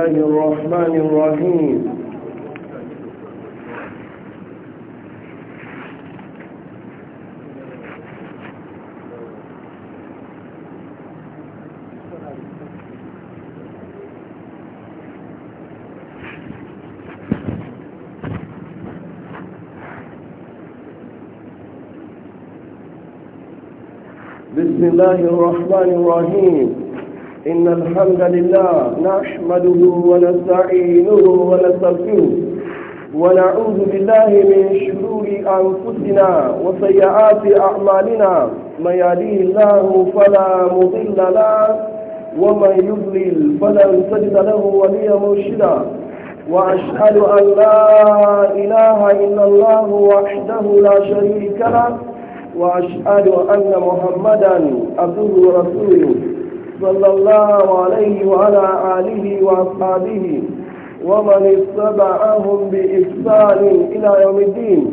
الله الرحمن الرحيم بسم الله الرحمن الرحيم إن الحمد لله نحمده ونستعينه ونستغفره ونعوذ بالله من شرور أنفسنا وسيئات أعمالنا من يهديه الله فلا مضل له ومن يضلل فلن تجد له وليا مرشدا وأشهد أن لا إله إلا الله وحده لا شريك له وأشهد أن محمدا عبده ورسوله صلى الله عليه وعلى آله وأصحابه ومن اتبعهم بإحسان إلى يوم الدين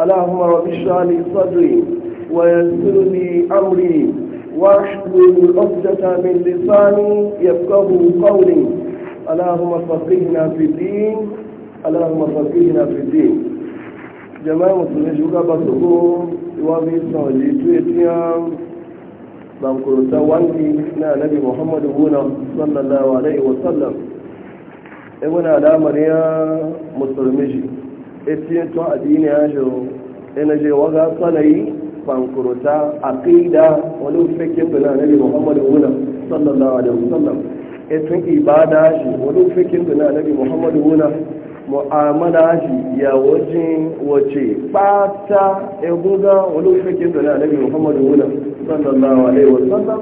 اللهم رب اشرح لي صدري ويسر لي أمري واحلل عقدة من لساني يفقه قولي اللهم فقهنا في الدين اللهم فقهنا في الدين جماعة مسلمين شكرا بسكم ومن صلى الله bankurta wanki na nabi muhammadu buna sallallahu alaihi wasallam ibuna e, damar ya musulmi shi etiyan tun addini ya shi ina e, je waga sanayi bankurta aqida wani fikin bina nabi muhammadu buna sallallahu alaihi wasallam etun ibada shi wani fikin bina nabi muhammadu buna mu'amala shi ya wajen wace fata e, guga wani fikin bina nabi muhammadu buna sallallahu alaihi wasallam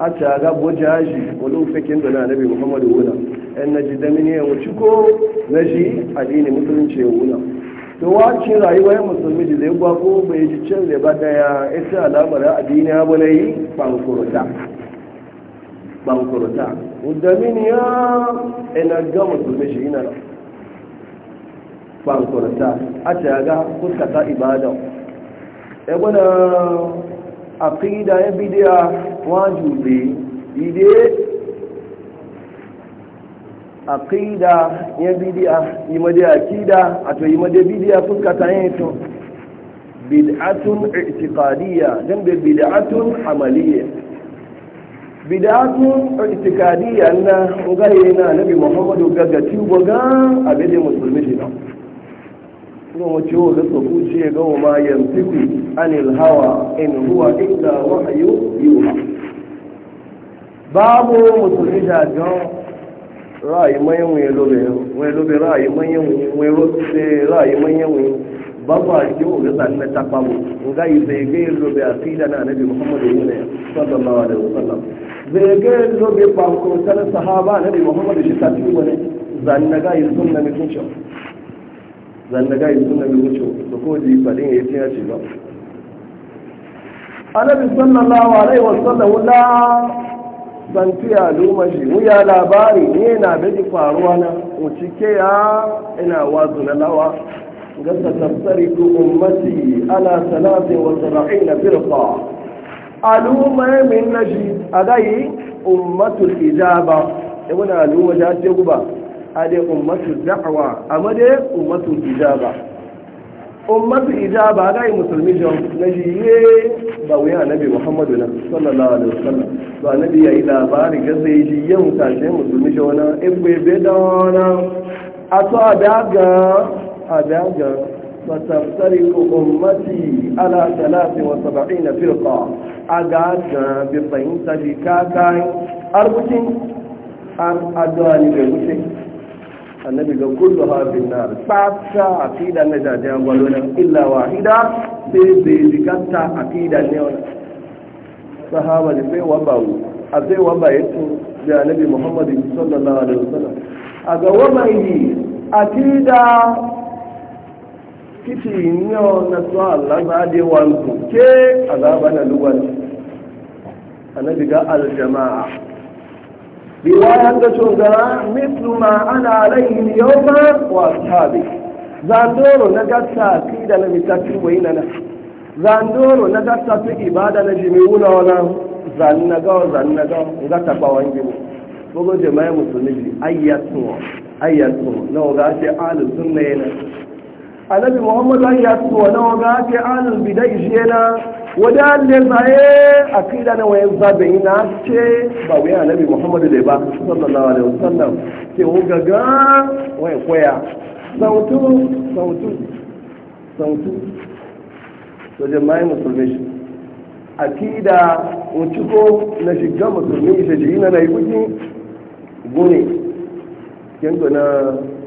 a ta ga bujaji wani fikin da na annabi muhammad wuna yan naji da mini ya wuce ko na shi addini musulunci ya wuna to wace rayuwa ya musulmi da zai gwa ko bai ji can da ba da ya ita alamar addini ya bane yi bankurta bankurta da mini ya ina ga musulmi shi ina bankurta a ta ga kuskata ibada ya gwada aqida ya bidiya wajibi ide aqida ya bidiya imade aqida ato imade bidiya fuska ta yeto bid'atun i'tiqadiyya dan be bid'atun amaliyya bid'atun i'tiqadiyya na ugaye na nabi muhammadu gaga tubo ga abede musulmi dinan ko mo ciwo da so ku ga ma yamtiku عن الهوى إن هو إلا وحي يوحى باب مسلحة جان رأي من يوي لبه ولبه رأي من يوي ولبه رأي من يوي بابا جو غزان نتقبو نغاي زيغي لبه أسيدنا نبي محمد صلى الله عليه وسلم زيغي لبه بانكو سنة صحابة shi ta شتاتي ونه zan na gayi sun na mutuncin zan na gayi sun na mutuncin da ko ji fadin ya yi tiyaci ba annabi sallallahu alaihi wasallam la ban tuya luma shi mu ya labari ne na da ji faruwa na ucike ya ina wazu na lawa gasa tafsari ku ummati ala salatin wa sab'ina firqa aluma min naji adai ummatul ijaba ibn e aluma ja ce guba ade ummatu da'wa amade dai ijaba ummatu ijaba ga musulmi jan na jiye ba wuya annabi muhammadu na sallallahu alaihi wasallam to annabi yayi labari ga zai ji yan mutane musulmi jan na ebe be da na ato adaga adaga فتفترق أمتي على 73 فرقة أقعد بفهمتك arbutin أربعين adwani أدواني بمشي annabi ga kullu hafin na tsatsa a fida na jajen gwalonan illa wahida sai zai jikanta a fida ne wani sahaba da sai wa bawu a sai wa ba yato da annabi muhammadu sallallahu alaihi wasallam a ga wama yi a kiti yau na su Allah za da wanzu ke azaba na lugar annabi ga Al aljama'a riwaya ga shugaba mislu ma ana alaihi yawma wa ashabi zandoro na gatta ki da na mitatu wai na zandoro na gatta ki ibada na jimi wuna wana zanna ga zanna ga ga ta ba wangi gogo jama'a musulmi ayyatu ayyatu na ga ce ahlus sunna yana annabi muhammad an ya su wa waga ke alul bidai shi yana wadda ne zaye a kila na wayan zabe ina ce ba wuyan annabi muhammad da ba sallallahu alaihi wasallam ke gaga wayan koya sautu sautu sautu to jama'i musulmi shi akida ko na shiga musulmi shi ji na na yi kuki gune kendo na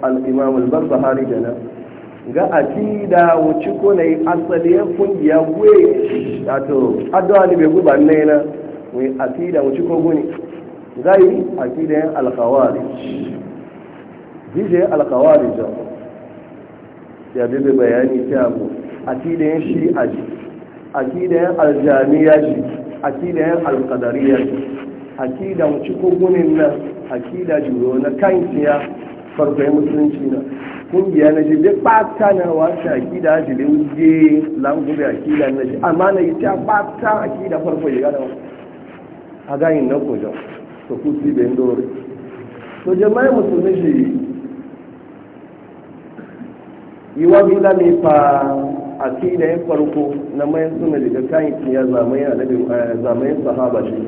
al-imam al-barbahari kenan ga akida wuce ko na yi asali ya kungiya gwe wato adawa ne bai guba ne na wai akida wuce ko gune gai akida yan alkawari jije alkawari ja ya bebe bayani ta abu akida yin shi aji akida yin aljamiya ji. akida yin alkadariya shi akida wuce ko gune na akida juro na kankiya farko musulunci na kungiya na shi bai ɓata na wata akida shi bai wuce langube akida na shi amma na yi ta ɓata akida farko ya gada a gayin na kojan to kusi bai dore to jama'i musulmi shi yi wa bila mai fa akida ya farko na mayan suna daga kayan kiyar zamayin eh, sahaba shi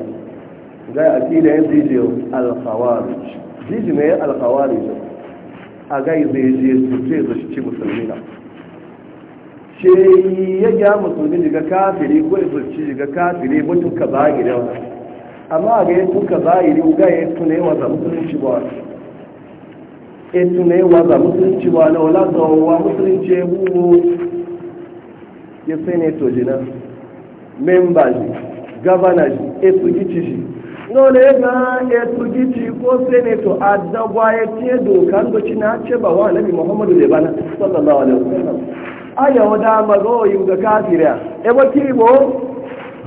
a akida ya zijiyo alkhawarij zijiyo ne alkhawarij a gai zai je tuce zai shi ci musulmi na ce ya gya musulmi daga kafiri ko ya zurci daga kafiri ba tuka bayi da wani amma ga ya tuka bayi ga ya tuna yawa musulunci ba ya tuna yawa musulunci ba na wala ga wa musulunci ya buwo ya sai ne to jina memba ji gabana ji ya su gici shi dole ga ya tuji ko seneto a dagwa ya ce dokan doci na ce ba wa nabi muhammadu da bana sallallahu alaihi wasallam aya wada da yu ga kafira e waki bo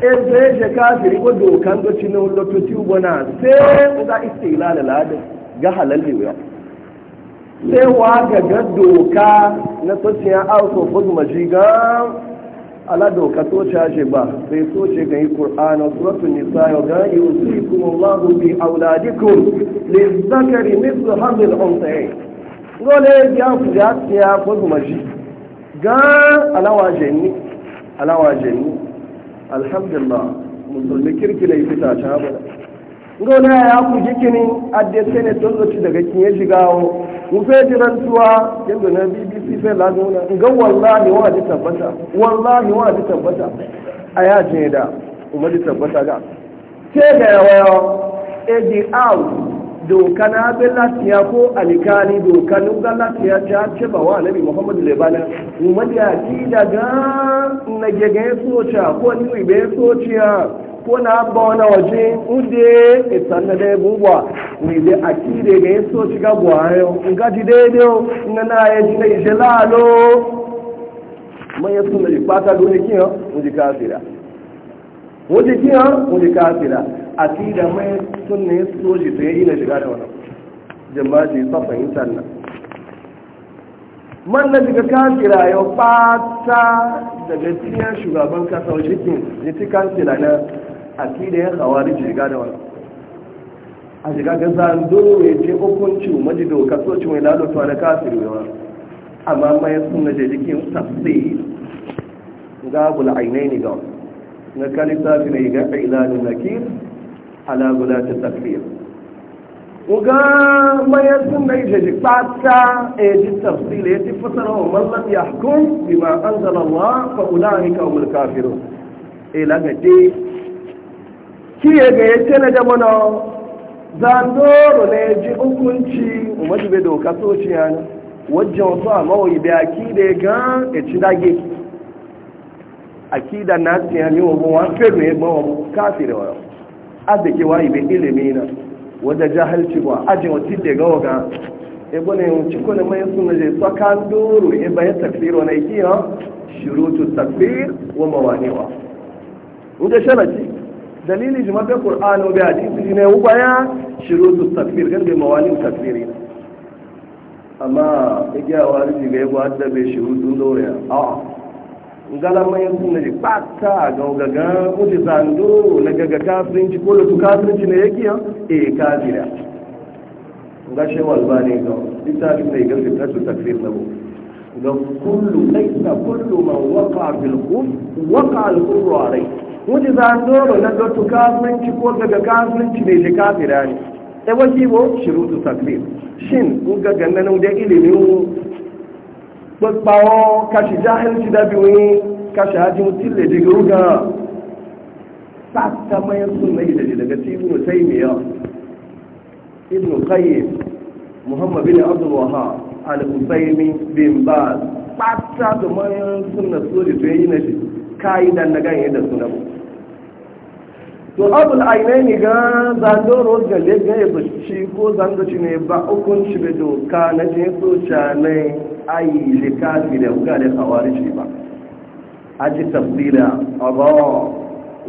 e zai je kafiri ko dokan doci na lotu sai. bona sai ga istilal ladin ga halalli wa sai wa ga doka na sosiyan out of majiga ah. ala doka soca ce ba sai ce ga yi ƙur'ana suratun nisa yau ga yi usuri kuma allahu bi auladikun le zakari misu hamil onsaye dole ya ku ya tiya ko kuma shi ga alawa jenni alawa jenni alhamdulillah musulmi kirki na fita ta ngona ya ku jikini adde sene tondo daga kinye jigawo mu fe jirantuwa yadda na bbc fe la nuna ga wallahi wa ji tabbata wallahi wa ji tabbata a ya je da kuma ji tabbata ga ke ga yawa eji out doka na bi latiya ko alikali doka nun ga ta ce ba wa nabi muhammadu lebana mu madiya ki daga na gege soca ko ni bai ko na ba na waje ude itan na da bubwa ni da akide ga yaso shiga buwayo in ga ji daidai na na ya ji na ishe lalo man ya suna ji fata kiyo mu ji kafira mu ji kiyo mu ji kafira akida mai sunna ya so ji sai ina shiga da wannan jama'a ji safan insan man na daga kansila ya fata daga cikin shugaban kasa wajen jikin jikin kansila na akida ya khawarij shiga da wani. a shiga ga zan dole ce hukunci maji doka so ci mai lalata da kafin yawa amma mai sunna je jikin tafsir ga bul ainaini ga na kalisa fi ne ga ilanin nakir ala ta takfir uga mai sunna je ji fata e ji da ya ci fasara wa man lam yahkum bima an Allah fa ulaika humul kafirun ila e ga kiye ga ya ce na da mana zandoro ne ji hukunci umarci bai doka soci yana wajen wasu a mawai akida ga ya ci dage akida na siya ne wabon wa fero ya gbawa kafi da wani arziki wayi bai ilimi na wadda jahalci ba ajin wata da gawa ga ebe ne cikon mai suna je tsakan doro ebe ya tafiro na ikiya shirutu tafir wa mawanewa. Wuce sharaci, dalili jima be qur'ano be hadisi ne u baya shurutu takfir gan be mawani takfiri amma igiya wari ji ga yabo hadda be shurutu doya a ngala mai sunna ji patta ga gaga kuje zando na gaga kafirinci ko da kafirinci ne yake eh kafira ga shehu albani ga ita ne ga fitatu takfir na ga kullu laysa kullu man waqa fil khuf wani za a doro na dottu kasuwanci ko daga kasuwanci mai shi kafira ne ta e, wasi ba shi taklim shin in ga ganin da ilimin gbagbawo kashi jahilci da biyu kashi haji mutum da jiga ruga sata mayan sun na da daga cikin sai mai yawa ibn qayyim muhammad bin abdul wahab al-usaimi bin baz ta ta mayan sun na soji to na shi kayi dan na ganye da sunan to abul ainihi ga zandoro ga lega ya bashi ko zandoci ne ba hukunci bai doka na jin a na ayi shi kafi da huga da kawari shi ba a ji tafsira a ba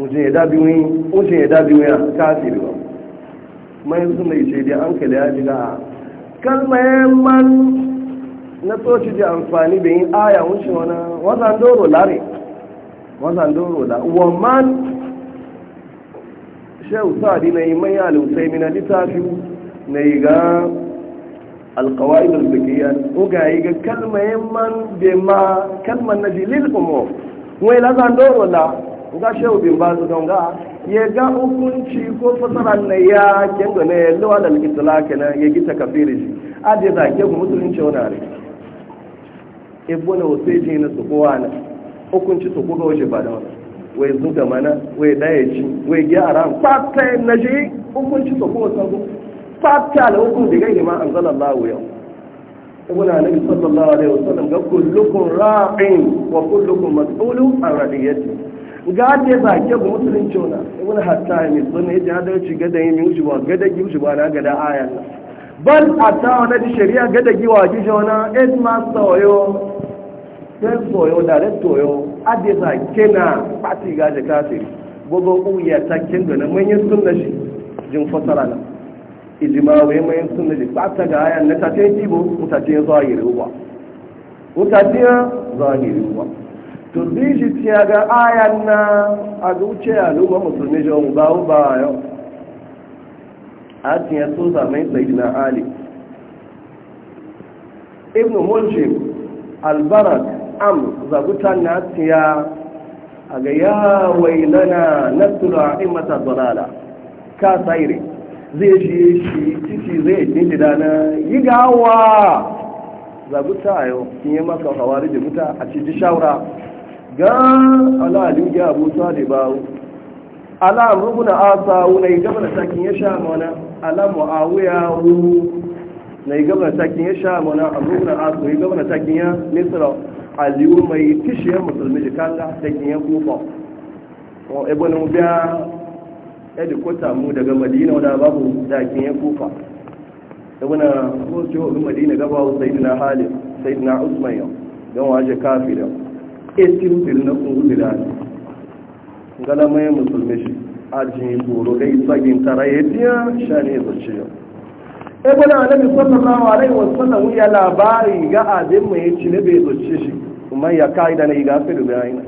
ujin ya dabi wani kafi ba mai su mai ce da an kada ya jiga kalmayen man na soci da amfani da yin aya wuce wani wazandoro lare wazandoro la wa man shehu sa'adi na yi mai alusai mina littafi na yi ga alkawai da zukiya uga yi ga kalmayin man da ma kalman na jilil umo wai la zan doro la ga shehu bin ba su don ya ga hukunci ko fasara na ya kengo ne lawa da alkitala kenan ya gita kafiri shi a da za ke ku musulunci wani are ebo na wasu ji na su kowa na hukunci su koga wace ba da wani wai zuga mana wai daya ci wai gyara fata na shi hukunci su kuma sabu fata da hukun da gani ma an zala Allah yau ibuna ibn annabi sallallahu alaihi wasallam ga kullukum ra'in wa kullukum mas'ulun an radiyati ga da ba ke ga musulunci ona ibuna hatta ne sunna ya da dace ga da yin mushi ba ga da ba na gada da ayan bal ata wa na shari'a ga da giwa gishi ona edma sawayo sensor yau director yau kena pati gaji kafin gbogbo uya ta kendo na manyan sunna jin fasara na ijimawa ya manyan sunna shi pata ga haya na tafiyan kibo mutatiyan zahiri uwa mutatiyan uwa to zishi tiya ga na a zuce a lumar musulmi shi ba ha yau a tiya so samai sai na am zabuta na tiya a ga ya wailana na tura mata dalala ka saire zai shi shi titi zai dinda dana yi gawa a yau kin yi maka hawari da muta a ciji shawara ga ala aliyu da abu talibawo ala na asa na yi gaba da sakin ya sha mana ala mu'awiya wu na yi gaba da sakin ya sha mana na asa yi gaba da sakin ya misra aliyu mai kishiyar musulmi da kanga da ya kufa o ebe na biya edikota mu daga madina wadda babu da kinyan kufa ebe na hoci hobin madina gaba wa sayidina halin sayidina usman yau don waje da etin birnin kungulila ne galamayin musulmi shi ajin goro dai tsagin tara ya biya sha ne zace yau e bana annabi sallallahu alaihi wasallam ya labari ga abin mu yace ne bai zoce shi kuma ya kai da ne ga firu bayani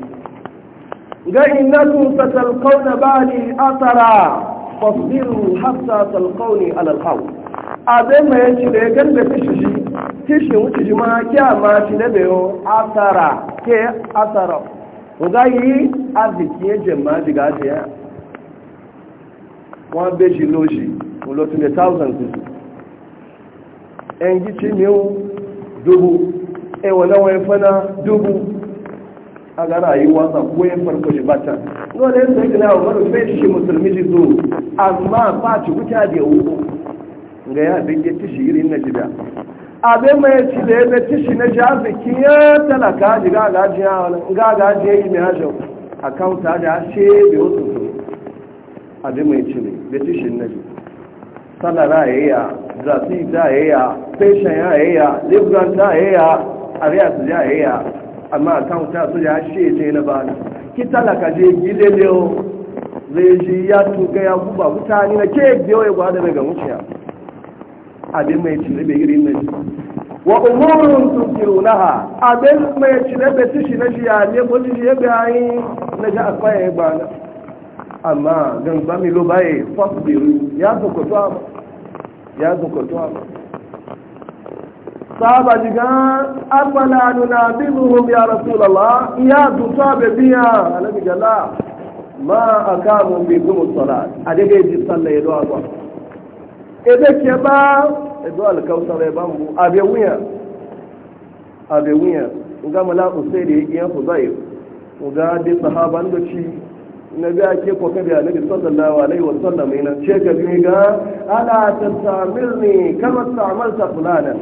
ga innakum satalqawna ba'di athara fasbiru hatta talqawni ala alqaw abin mu yace da ya da kishi shi kishi wuce shi ma kya ma shi ne bayo athara ke athara ga yi aziki jama'a diga ya wọ́n bẹ́ẹ̀ ṣe lóṣì olótúnlẹ̀ 1000 tuntun yan gici miyu dubu e wala wai fana dubu a yi rayuwa ko ya farko shi bata no da yasa yake na wani fe shi musulmi shi zo amma ba ci kuta da yawo ga ya dinge tishi irin na jida abin mai ci da ya tishi na jaziki ya talaka ji ga ga gajiya ga ga gajiya yi mai hajjau akauta da ashe bai wasu abin mai ci ne da tishi na jida salara yaya eh, zafi ta yaya feshen ya yaya libran ta yaya arias eh, ya yi yaya amma account ta su ya ṣe ne na bani ki talaka je gile leo zai shi ya tuka ya kuba mutane na ke biyo ya gwada daga muciya abin mai cire bai irin mai wa umurun tukirunaha abin mai cire bai tushi na shi ya ne ko shi ya yi na ji akwai ya gbana amma gangan milo baye fasbiru ya zokoto ama ya zokoto ama sahaba jigan afala nunabiluhum ya rasulallah ya duta be biya alabi gala ma akamu bi gumu salat adege ji sallah edo agwa ebe ke ba edo alkautar e bambu abe wuya abe wuya nga mala usaidi yan fudayl nga de sahaban do na biya ke ko kabi annabi sallallahu alaihi wa sallam ina ce ka bi ga ala tasamilni kama ta fulana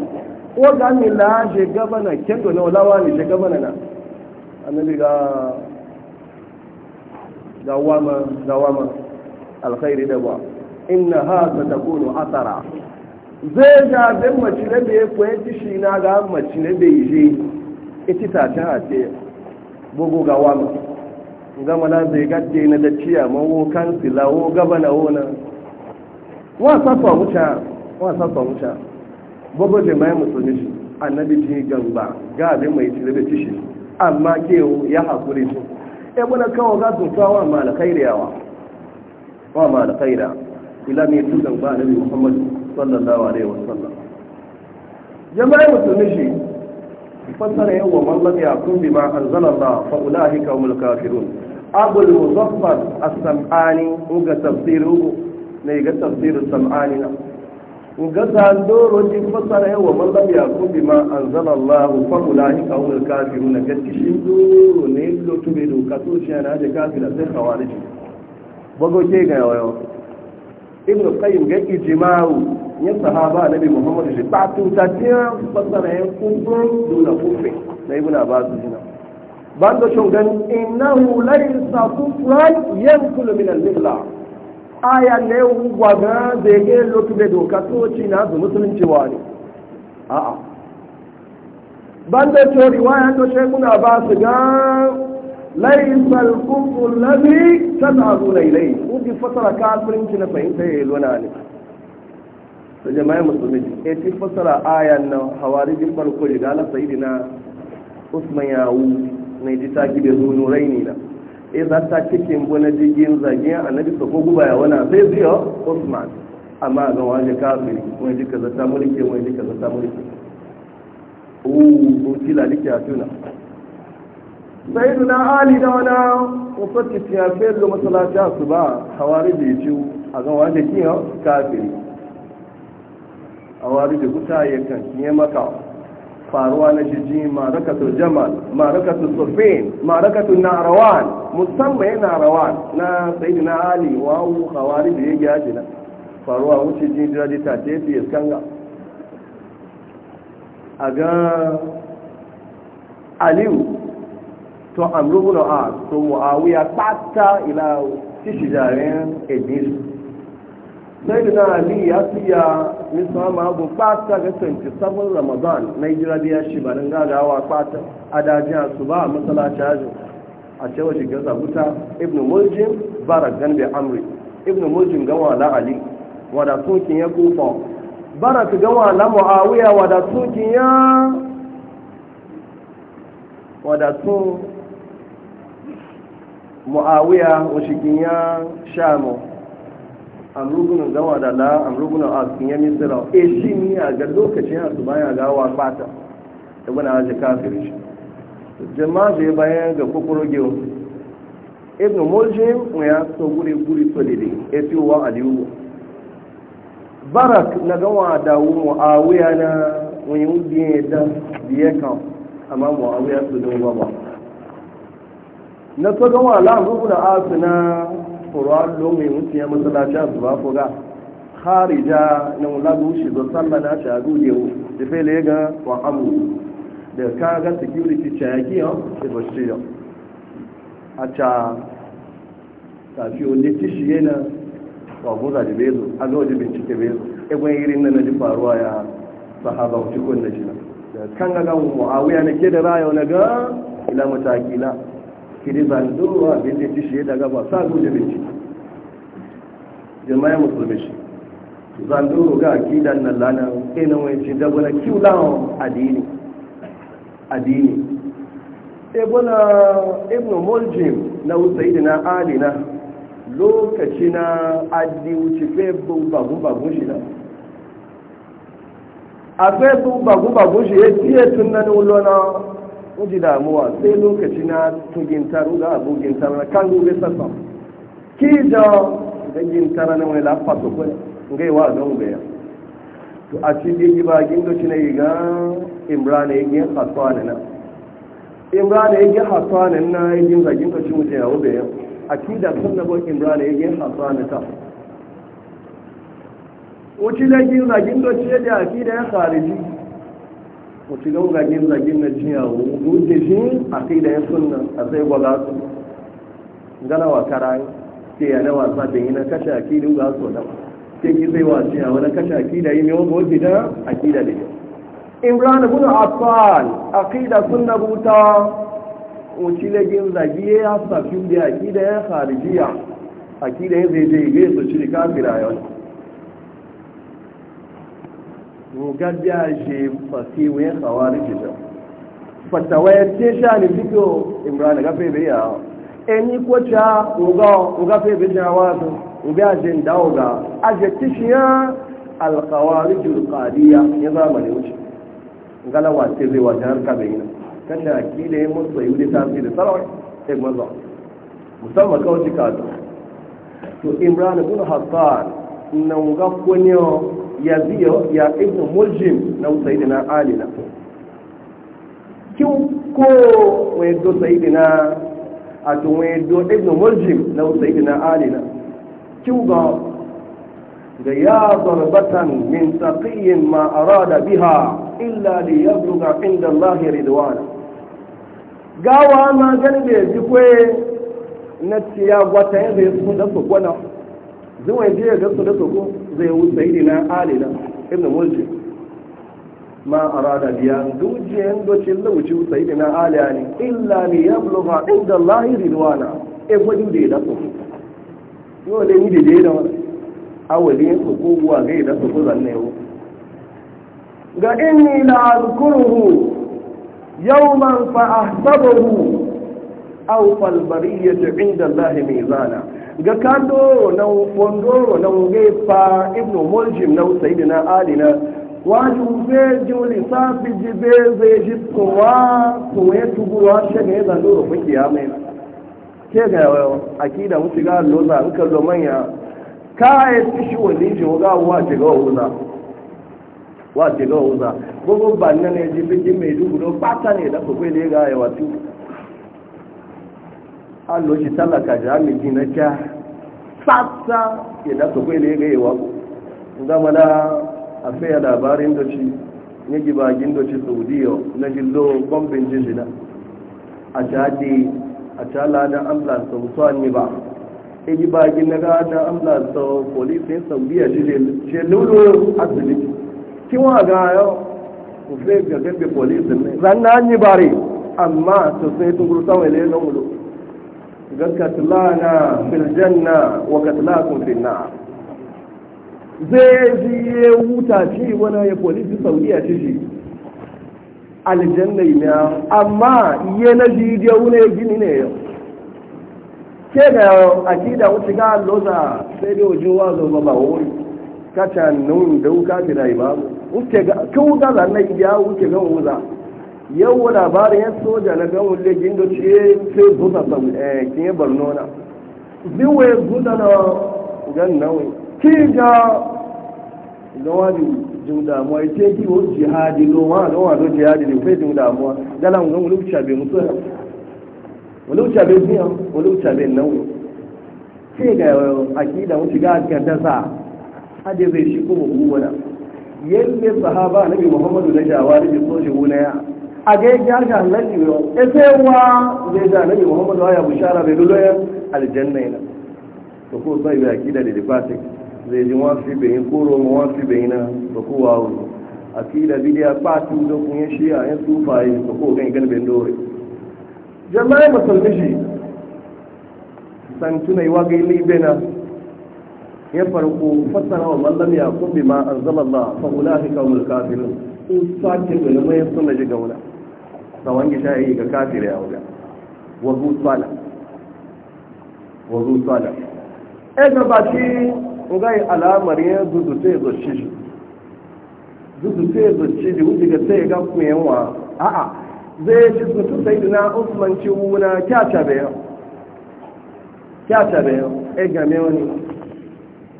ko ga ni la je gabana kendo na lawa ni je gabana na annabi ga dawama dawama alkhairi da ba inna ha takunu asara zai ga dan mace na bai ko yanti shi na ga mace da bai je ita ta ta ce bugu ga wama gama na zai gadde na da ciya mawo kan silawo gaba na wona wa safa wuce wa safa wuta babu jama'i musulmi shi annabi ji gamba ga abin mai cire da cishi amma kewo ya hakuri su e ya muna kawo su tuntuwa wa yawa wa malakaira ila mai su gamba annabi muhammadu sallallahu alaihi wasallam jama'i musulmi shi fassara yawa man lam yakun bima anzalallah fa ulaika humul kafirun abul muzaffar as-sam'ani ga tafsiru ne ga tafsiru sam'ani na ga sandoro ji fasara yawa mallam ya kubi ma anzala Allah fa ulai ka ulul kafiruna gaske shi doro ne lo to be do ka to shi na da kafira sai khawarij bago ke ga yawa ibnu qayyim ga ijma'u ya sahaba nabi muhammad shi ba tuta ta fasara ya kubun na kufi na ibnu abbas jina Ban da banda shogan innahu laysa kufran yankulu min al-milla aya ne gwaga da yake lokube doka soci na zu musulunci wani a'a Ban da banda to riwaya to shekun abbas ga laysa al-kufru alladhi tad'una ilayhi ubi fasara kafirinci na fahimta yayi lona ne to jama'a musulmi e ti fasara ayan nan hawarijin farko da Allah sayyidina Usman ya wuce na ji ta da zo nurai ne na e za ta cikin wani jirgin zagin annabi sa ko guba ya wana sai biya osman amma ga waje kafin wani jika kaza ta mulki wani jika kaza ta mulki o ci lalike a tuna sai duna ali da wani kusurci ciya fayar da masalaci su ba hawari da ya ci a ga waje kiyan kafin a wari da kuta yakan kiyan makawa faruwa na jiji ma'arakatun jamal ma'arakatun sufin ma'arakatun narawan musamman yana narawan na sayidu na ali wawu hawari da ya gyaji na faruwa wuce jin jirage ta ce su iskanga a ga aliyu to amrubuna a to mu'awiya pata ila shi shijaren edinsu sai na ali ya siya nisa magu kwata ga 27 ramadan na hijira biya shi ba nan gagawa kwata a dajin su ba a matsalaci a cewa shiga zabuta ibn muljim barak gan amri ibn muljim gan wala ali wada sokin ya kufa barak gan wala muawiya wada sokin ya wada muawiya wa shigin ya shamu amrugunan gawa da la amrugunan a cikin yamin sirra e shi ni a ga lokacin a su baya gawa fata da bana aji kafiri shi jama'a zai bayan ga kokoroge ibn muljim mu ya so guri guri so dide e fi wa aliyu barak na gawa da wu wuya na wani wudiye da biye kan amma wuya su don baba na so gawa la amrugunan a su na ƙoron lomi mutu ya masalaci a zuwa fuga harija na wulagu shi zo sallah na shi a duge wu da fele ga wa amu da ka security cayaki yau shi ba shi yau a ca tafi wani tishi yana wa guza da bezo a zo da e bincike bezo ebe irin na na ji faruwa ya sahaba wuce kun da shi na kan ga ga mu'awiya na ke da rayu na ga ila matakila kiri zando abin da tishe daga ba sa guje binci jama'a musulmi shi zando ga akidan nan lana ina wani ci da wani kiwon adini adini ebona ibn muljim na usaidi na alina lokaci na adi wuce fe bagun-bagun shi na a fe bagun-bagun shi ya tiye tun nan ji damuwa sai lokaci na tugintar ga abu gintar na kan gobe sassa ki da da gintar na wani lafa su kwai ngai wa ga ube ya to a ci bi ba gindo ci ne ga imran ya gin hasana na imran ya gin hasana na ya gin ga gindo ci muje ya ube ya a ci da sunna ba imran ya gin hasana ta wuci da gin ga gindo ci da akida ya khariji mutu ga zagin zagin na jiya wuce shi a kai da ya suna a sai gwaga su gana wa kara ke yana wasa da yi na kashe akidi ga su da ke ki zai wa jiya wani kashe da yi wuce wani a akida da yau imran ibn affan da suna buta wuce lagin zagi ya safi da akida ya kharijiya da ya zai je ga su kafira yau ngabya je fasiwe ya khawarij jo fatawaye te shani biko imran ga fe biya eni ko cha uga uga fe bi jawazu ngabya je ndauga aje tishiya al khawarij al qadiya ya zamani wuce ngala wa te zai wata harka bayina kada akide musu yudi tafsir sarawai sai mazo musamman kawai ka to imran ibn hassan na nga kunyo ya ziyo ya ibn muljim na sayyidina ali na kin ko wai do sayyidina a tun wai do ibn muljim na sayyidina ali na kin ga da ya zarbatan min taqiyin ma arada biha illa li yabluga inda allah ridwana gawa ma ganin da ya na ciya gwata yanzu ya su da su gwana zuwa jiya gasu da soko zai wuce yi na alina inda mulki ma rada biya dujiyan docin da wuce wuce yi na alina ne illa ne ya bulofa inda lahi na. e gwaji da ya da soko yau da yi da ya da wani awali ya soko wa ga ya da soko zanne yau ga inni la alkuruhu yawman fa ahsabuhu aw fal bariyatu inda allahi zana. ga kando na wando na wuge fa ibnu muljim na sayyidina ali na waju fe juli safi jibe zai ji kowa ko ya tubu wa shi ne da dole ku kiyama ke ga akida mu loza in kallo manya ka ya e tishi wani ji ga wa ji ga wuza wa ji ga gogo banna ne jibi mai dubu do pata ne da ku kai ya e watu allo shi talaka jami'i na kya tsatsa ya da su kwele ga yawa gama na a fiye labarin da ci ya gibagin da ci saudiya na jillo bombin jijina a jadi a tala na ambulance sautuwan e ne ba ya gibagin na gada ambulance sau polisin saudiya ce lulu asibiti kiwa ga yau ku fi ga gabe polisin ne ran na yi bare amma sosai tun gurusan wale na wulu ga katlana fil janna wa katlakum fil na. zai ji ya huta ci wani ya polisi saudiya ci shi aljanna ya amma ya na ji ya wuna ya gini ne yau ke da akida wuce ga loza sai da wajen wazo ba ba wuri kacha nun da wuka bi rai ba wuce ga kun ga zanna ya wuce ga wuza yawo labarin yan soja na gan wule gindo ce ce buza sabu eh kin barno na biwe buza na gan nawe ki ga gawaji jin damuwa ite ki wo jihadi lo wa lo wa lo jihadi ne fe jin damuwa dala ngun wulu chabe mutu wulu chabe ni wulu chabe nawe ki ga eh, akida wuce ga ka dasa hade zai shi kuma wala yalle sahaba nabi muhammadu da jawari bi soje wuna ya a ga ya ga annabi yo ese wa zai ga annabi Muhammadu ya bushara bai dulo ya aljanna ina to ko sai ba akida da difati zai ji wa fi bayin koro mu wa fi bayina to ko wa wu akida bidiya fatu da kun yi shi'a yan sufaye to ko ga gan ben dore jama'a musulmi shi san tunai wa ga libena ya farko fassara wa mallam ya kun bi ma anzalallah fa ulahika hum al-kafirun in sake gulmai sun ji gauna sawan ya yi ga kafiri a wuga wazu tsala wazu tsala ɗaga e, ba shi ngai alamar ya zuzu sai zo shi zuzu sai zo shi wuce ga sai ga kuyanwa a'a zai ci zuzu sai dina usman ci wuna kyata bayan kyata bayan ɗaga e, mai wani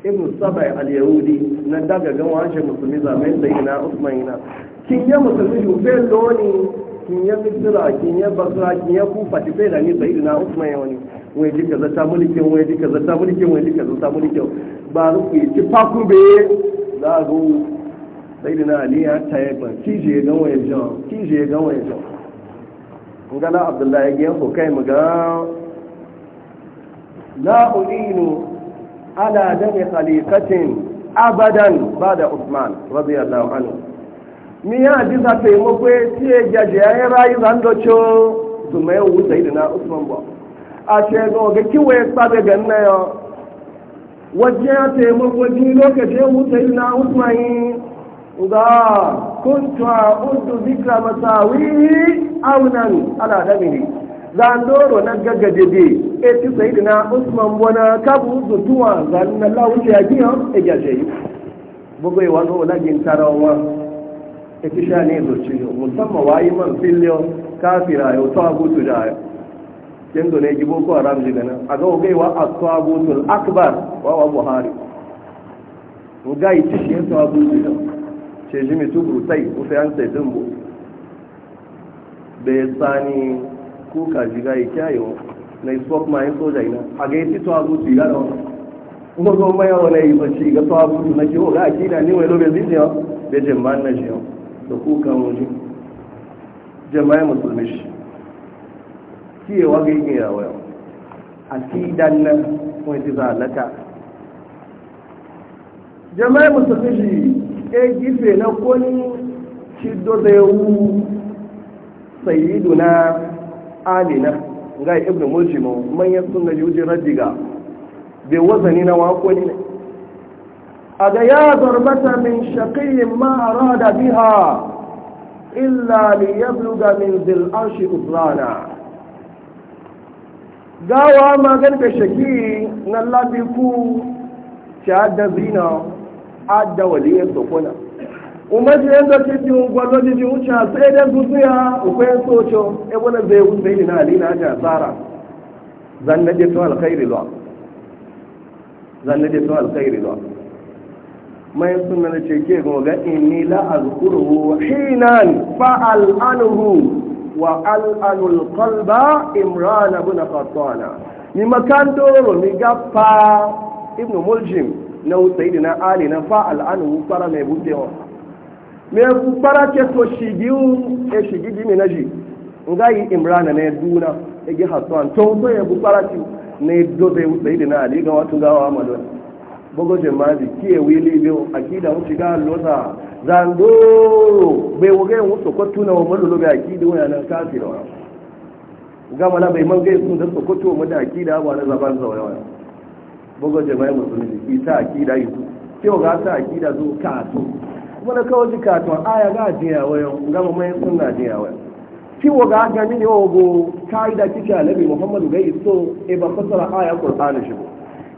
ibn sabai al-yahudi na daga gawa shi musulmi zamai da na usman ina kin yi musulmi jufe loni kinye fitira kinye basra kinye kufa ti sai da ni sai ina na usman yawani wai dika za ta mulkin wai dika za ta mulkin wai dika za ta mulkin ba ruku yi ti ku be za go sai da ali ya ta yi ban je ga wai jo jan je ga wai jan ngala abdullahi ya ko kai mu ga la ulinu ala dami khaliqatin abadan ba da usman radiyallahu anhu mi yana ji za ta yi mafi tiye jaje ya yi rayu zan doce su mai wuce yi na usman ba a ce ga ga kiwa ya tsaga ganna ya wajen ya ta yi mafi lokacin wuce yi na usman yi ga kuntuwa udu zikra masawi aunan ala damiri zandoro na gaggade e ti sayi na usman bona kabu zutuwa zan lawuce ya kiyan e jaje yi bugu yi wazo lagin tarawa ikisha ne zurci yo musamman wayi man filiyon kafira ya to abutu da ya kin ne gibo ko haram ji a ga o a asabutul akbar wa wa buhari ga yi ci shi to abutu da ce jimi mitu brutai o yan an sai dumbo be sani tsani kuka ji gai kyayo na isbok ma yin soja ina ga yi to abutu ga do mo go mai wala yi bacci ga to abutu na ki Ga ga kina ni wai lobe zinjiyar yo be na shi da kuka waje jama'i musulmi shi kiyewa ga yi yawa a sidan nan kuma ji zalata jama'i musulmi shi e gife na kuni shido da yawu na alina ga ibn muljimo manyan sun gaji yujin radiga bai wazani na wakoni ne أديا ضربة من شقي ما أراد بها إلا ليبلغ من ذي العرش أطلانا قاوة ما قلت شكي نلا بيكو شاد بينا عد ولي الضفنا ومجل يزا تجيون قلت جيون شا سيدا زوزيا وفين سوچو ايونا زي بيننا لينا جا سارا ظن نجتو الخير الوقت ظن نجتو الخير الوقت mai suna da ceke kuma ga inni la azkuruhu hinan fa al'anuhu wa al'anul qalba imran ibn qatana ni makandoro mi gafa ibn muljim na sayyidina ali na fa al'anuhu fara mai butewa me ku fara ke to shigiu e shigidi mi naji ngai imran na duna e ge hatan to to e bu fara ti ne do be sayyidina ali ga watu gawa madona bugu jimadi kiye wili biyu akida wuce ga lota zandoro bai wuga wuce kwatu akida wani nan gama na bai man gai sun da su kwatu wani akida na zaban zaune wani bugu jimadi musulmi akida yi su kyau ga ta akida zo kato kuma na kawo ji kiwo ga da muhammadu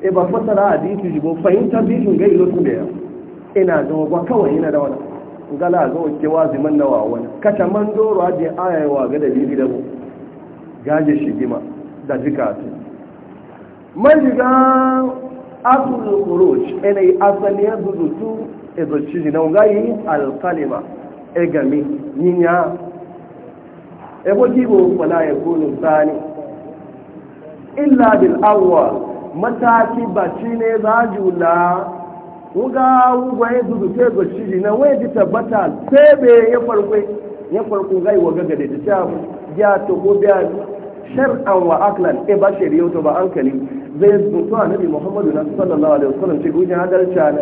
e ba fasara hadisi jibo fahimtar bishin gai lokacin da ya ina da wa kawai ina da wani gala ga wace wazi man na wa wani Kata man doro aje ayawa ga bibi da mu gaje shigima da jikatu man shiga asul khuruj ina asali ya zuzutu e zo shiji na ngai al kalima e gami nyinya e bo jibo wala yakunu thani illa bil awwal mataki baci ne za jula wuga wuga ya zuzu sai ga shiri na wai ji tabbata sai be ya farko ya farko gai wa gaga da ta ya ta ko biya shar'an wa aklan e ba shari'a to ba hankali zai zuto nabi muhammadu na sallallahu alaihi wasallam ce gujin adalci na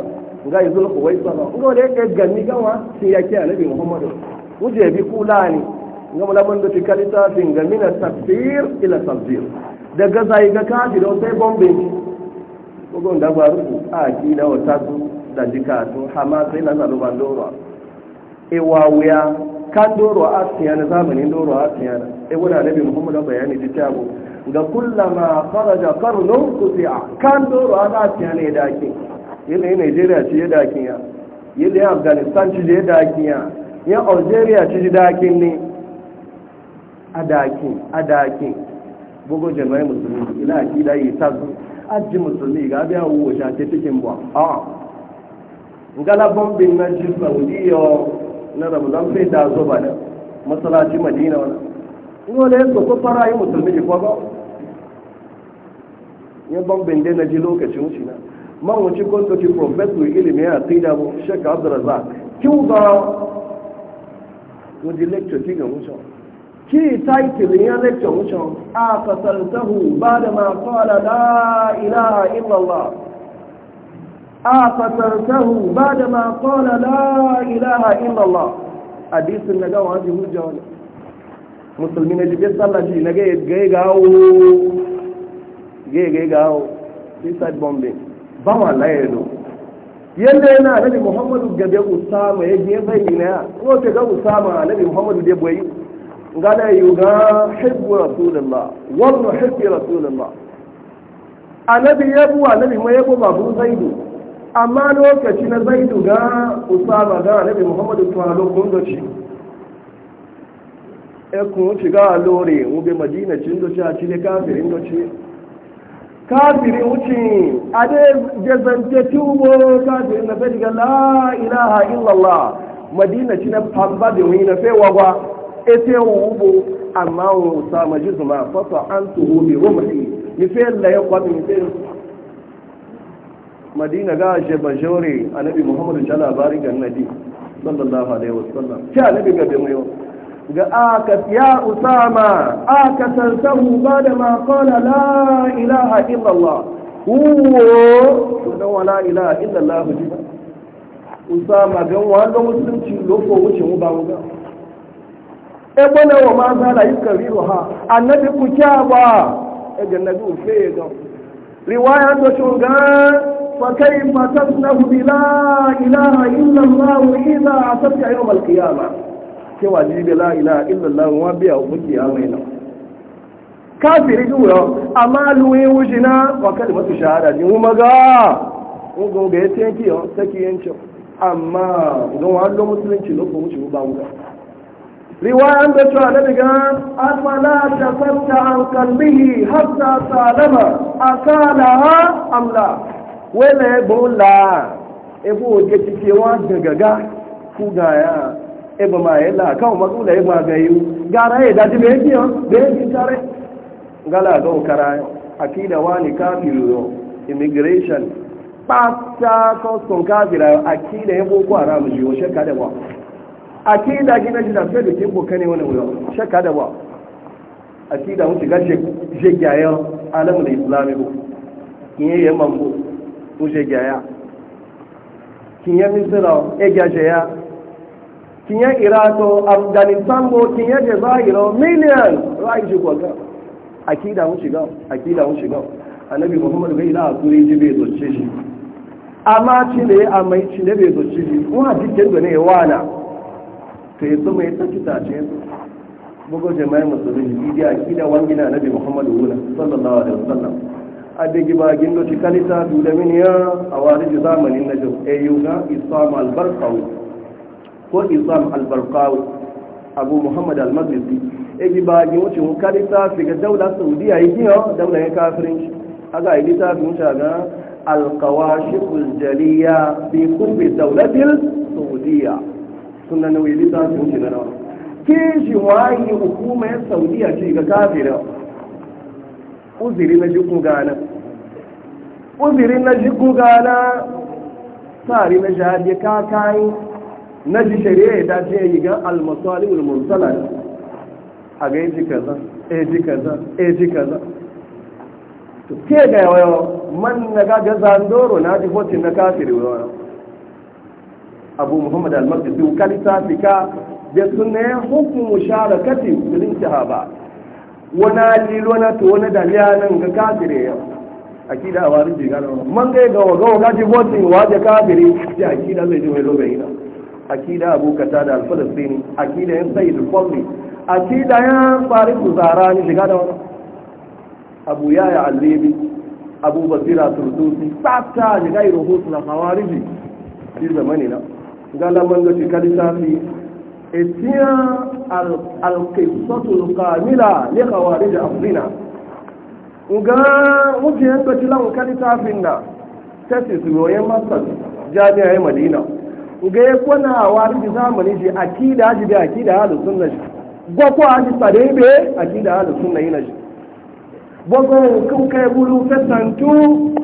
ga yi zulku wai sama ga wanda ya gani gawa sai ya ke nabi muhammadu wuje bi kula ne Nga laban da fika littafin ga mina tafsir ila tafsir daga zai ga kafi don sai bombe ko da ba rufu a ki da wata su da jika to hama sai na zalu ban doro ewa wuya kan doro a tiyana zamanin doro a tiyana e wani nabi muhammadu bayani ta go ga kullama faraja karnun kusi'a kan doro a da tiyana ya dake yadda ya nigeria ci ya dake ya yadda ya afghanistan ci ya ki ya ya algeria ci dakin ne adakin adakin bugu jama'i musulmi ila akida yi tazu aji musulmi ga biya wo sha te cikin ba a ngala bombin na ji saudiyo na ramadan sai da zo ba da masallaci madina wannan ngole so ko fara yi musulmi ko ba ya bombin da na ji lokacin wuce na man wuce kwantoci professor ilimi ya tsida mu shekka abdurazak kin ba wajen lecture ti ga mutum ki title ya lecture wucin a fasaltahu ba da ma qala la ilaha illallah a fasaltahu ba da ma qala la ilaha illallah hadisin naga wa hadi hujja wala musulmi ne jibe sallah ji naga ga gawo ga ga gawo suicide bombing ba wa layedo yadda yana annabi muhammadu gabe usama ya je bayyana ko ta ga usama nabi muhammadu da boyi ngana yuga hibbu rasulullah wannan hibbi rasulullah annabi yabo annabi ma yabo babu zaidu amma lokaci na zaidu ga usama ga annabi muhammadu tuwalo kundoci e kun shiga lori wube madina cin doci a cile kafirin doci kafirin wuce a jazance tubo kafirin na daga la ilaha illallah madina cin na famba da wani na fewa ba ete wubo amma wo sa majizu ma fata an tuhu bi rumhi ni fe ya kwabi ni madina ga je bajore annabi muhammadu ta labari ga annabi sallallahu alaihi wasallam Ki annabi ga bai mayo ga aka ya usama aka bada ma qala la ilaha illa allah dan wala ilaha illa allah usama musulunci wuce mu ba mu ga ebona wa ma yi kariru ha annabi ku kyaba ega nabi ufe ga riwaya ta shunga fa kayfa tasnahu bi la ilaha illa allah idha atatka yawm al qiyamah ke wajibi la ilaha illa allah wa biya ku kiyama ina kafiri duyo amalu wujina wa kalimatu shahada ni umaga ugo ga yake ki yo saki yanci amma don wa lo musulunci lo ko mu ci ba mu riwayan da cewa da daga afala ta fata an kalbihi hatta salama a kala amla wele bola ebe oge cike wa gagaga kugaya ebe ma yi la ma matsula ebe ma gayi gara ya daji bai biyan bai bi tare gala ga okara akida wa ni kafiru yo immigration pata custom kafira akida ya boko haram jiyo shekka da ba akida gina jina fe da ke boka ne wani wuyo shakka da ba akida mu shiga shegyayen alamu da islami ko kinye yan mambo mu shegyaya kinye misira ya egyashaya kinye irato afghanistan ko kinye jazairo miliyan ra'ayi shi kwaka akida mu shiga akida mu shiga annabi muhammadu bai ila hakuri ji bai zoce shi amma cile a mai cile bai zoce shi kuma jikin da ne wana to yanzu mai tsaki tace yanzu bugu jama'i musulmi jiki da akida wangina bi muhammadu wula sallallahu alaihi wasallam adegi ba gindo ci kalita dole min ya a wariji zamanin na jau e eh, yuga islam albarkawu. ko islam albarkawu abu muhammad a egi ba gi wucin kalita ga daular saudiya yi giyo daular ya kafirin a yi littafi wuce ga alkawashikul jaliya bi kurbi daulatil saudiya suna nauyi littafin shi na rawa ke shi wayi hukumar saudiya ce ga kafira uziri na jikun gana uziri na jikun gana tsari na jihadi kakayi na ji shari'a ya dace yi ga almasali ulmursala a ga ji kaza e ji kaza e ji kaza ke ga yawa man na ga zandoro na ji hotin na kafiri yawa abu muhammad al-maqdisi kalita fika da sunne hukumu sharakati bil wani wana lilona to wani daliya nan ga kafire ya akida a warin jiga da man ga ga ga ga ji botin waje kafire ya akida zai ji mai lobe ina akida abu kata da al-falastini akida yan sayyid al-fadli akida ya farid zarani jiga da abu yaya al-libi abu basira turdusi fata jiga iruhus na hawariji shi zamani na galaman da cika lissafi etiyan alkisotul kamila ne kawari da afirina ga mutiyan da cilan kalita fi na tesis royen masar jami'a ya madina ga ya kwana wari da zamani shi akida shi da akida halin na shi gwakwa a ji tsare be akida halin sunna yi na shi gwakwa kan kai bulu fesantu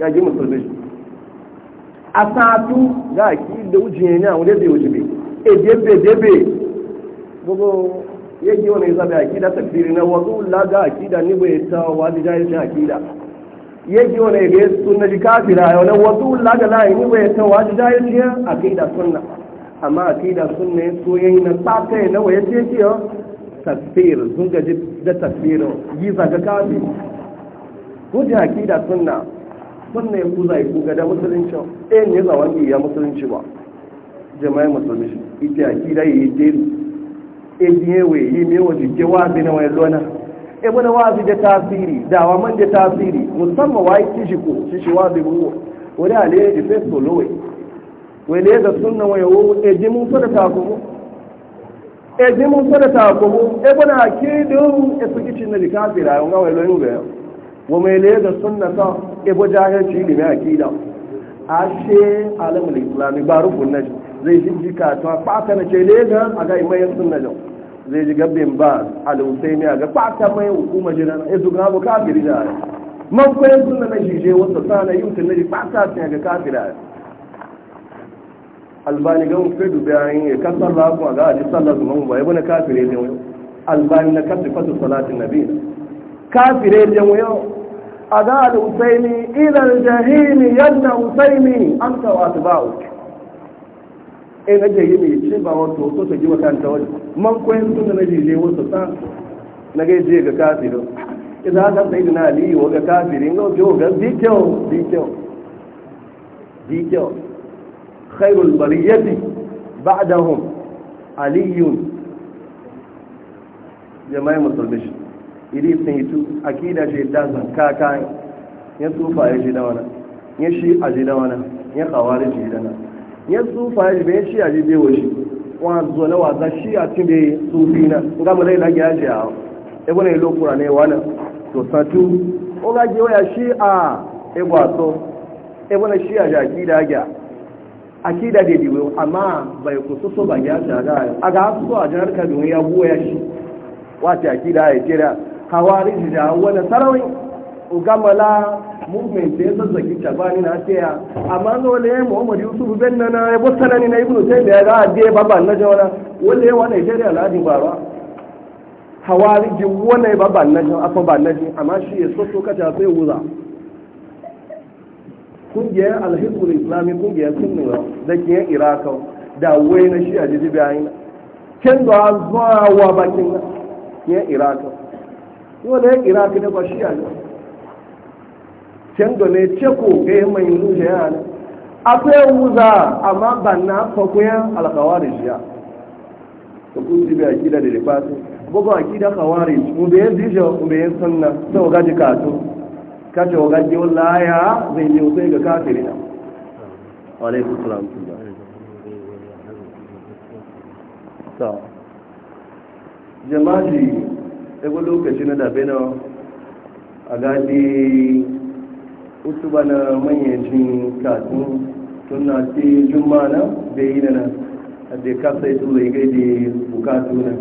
ya ji musulmi Asaatu, za a ki da wuce ne a wani bai wuce bai e debe debe gbogbo yake wani zabe akida tafsiri na wasu laga akida ni bai ta wa wani jahilcin akida yake wani ga sunna ji kafira ya wani wasu laga layi ni bai ta wa wani jahilcin akida sunna amma akida sunna ya so yayi na tsaka ya nawa ya ce ki ya tafsir sun gaji da tafsirin yi zaga kafin hujja akida sunna sunna ya kuza ku ga da musulunci eh ne za wani ya musulunci ba jama'a musulunci ita akida yi delu e eh, biye we yi me waje ke wazi na wani lona e bana wazi da tasiri dawa man da tasiri musamman wa yi shi ko shi shi wazi buwo wani ale da festo lowe wani da sunna wani wo eh, e ji mun fada takomo e ji mun fada takomo e bana ke don e su kicin na likafira yawon gawai loyin bayan wa mai da ga sunnata ibo e jahilci mai akida ashe alamun islami ba rukun na zai shi jika ta fata na ce a ga aga imai sunna da zai ji gabin ba ne a ga fata mai hukuma jina na e izu ga abu kafiri da man koyan sunna na jije wasa sana yutun naji fata sun ga kafira albani ga mun fedu bayan yi kasar rafu a ga aji sallar zuman ba ibn kafire ne albani na kafi fatu salatin nabi kafire ne yau أداء الحسين إلى الجهيم يد حسين أنت وأتباعك إن الجهيم يتشبع وتوتو تجيب كانت وجه من كنت نجيجي وسطا نجيجي كافر إذا هذا سيدنا علي وكافر إنه جوغا ديكو ديكو ديكو خير البرية بعدهم علي جماعة مسلمين idris ne tu akida je da zanka kai ya sufa ya je da wani ya shi a je da wani ya kawari je da ya sufa ya je bai shi a je bai washi wa zo na waza shi a cin bai sufi na ga mu dai lagi ya je a e ne ilo qur'ani wani to satu o ga je waya shi a e gwaso e ne shi a je akida ga akida da diwe amma bai kususo ba ya ta ga aga su a jihar Kaduna ya buwa ya shi wata akida ya tira khawarij da wani sarawai ugamala da ya zazzaki tabani na ya amma ya yi muhammadu Yusuf ben na na ya na ni na Ibn ya za'a je babban na jona ya wa Nigeria ba di hawari khawarij wani baba na jona afa ba na ji amma shi ya so kaca sai wuza kungiyar alhizbul islami kungiyar sunna da ke iraka da wai na shi a jibi bayan kin da zuwa wa bakin ya iraka dole ya kira ka da ba shi yana can ne ceko ga yi mai nuna yana akwai wuza amma ba na fakuyan alkawari shiya ta kusi bai akida da rifasi bugu akida kawari mube yin zijo mube yin sunna ta waga ji kato kace waga ji wallaya zai yi sai ga kafiri kafirina alaikum salam jama'a ego lokaci na dabe na a gaji utu ba na manyan katun tun na ce juma na bai yi na a da kasa ito zai gai da bukatu na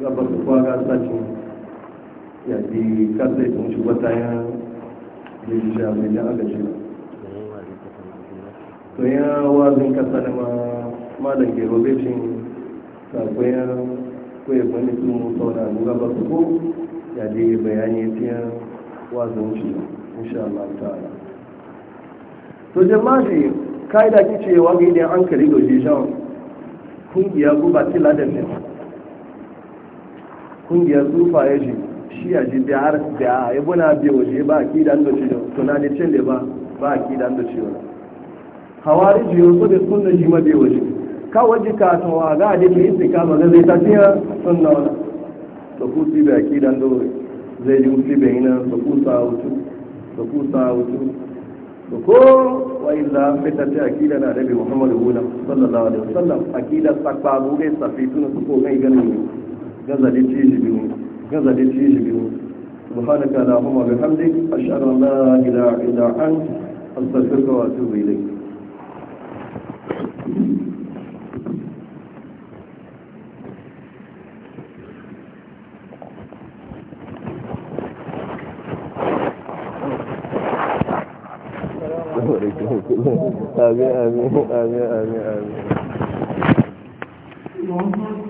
gaba su kwaga sashen ya ce kasa ito shi wata ya da shi a mai jan agashi na to ya wazin kasa na ma malam gero bai shi sakwai ko ya kwanye su mu sauna mu gaba su ko ya je bayani fiye wazin shi insha Allah ta'ala to jama'a shi kaida ki ce wa ga idan an kare doje shan kungiya ku ba tila da ne kungiya sufa ya ji shi ya ji da har da ya buna bi waje ba ki dan da shi to na ne cin da ba ba ki dan da shi hawariji yau so da sunna ji ma bi waje kawai jika ta wa ga a ke isi kama zai tafiya sun sunna wani to ku si ba ki dan dore zai ji usi bai yana to ku sa wutu da ku sa wutu to ko wa illa fita ta akida na rabi muhammadu wula sallallahu alaihi wasallam akida sakba bu ga safitu su ko ga ganin gaza da ci ji biyu gaza da ci ji biyu subhanaka allahumma bihamdik ashhadu an la ilaha illa anta astaghfiruka wa atubu ilayk Thank you. amin amin amin amin amin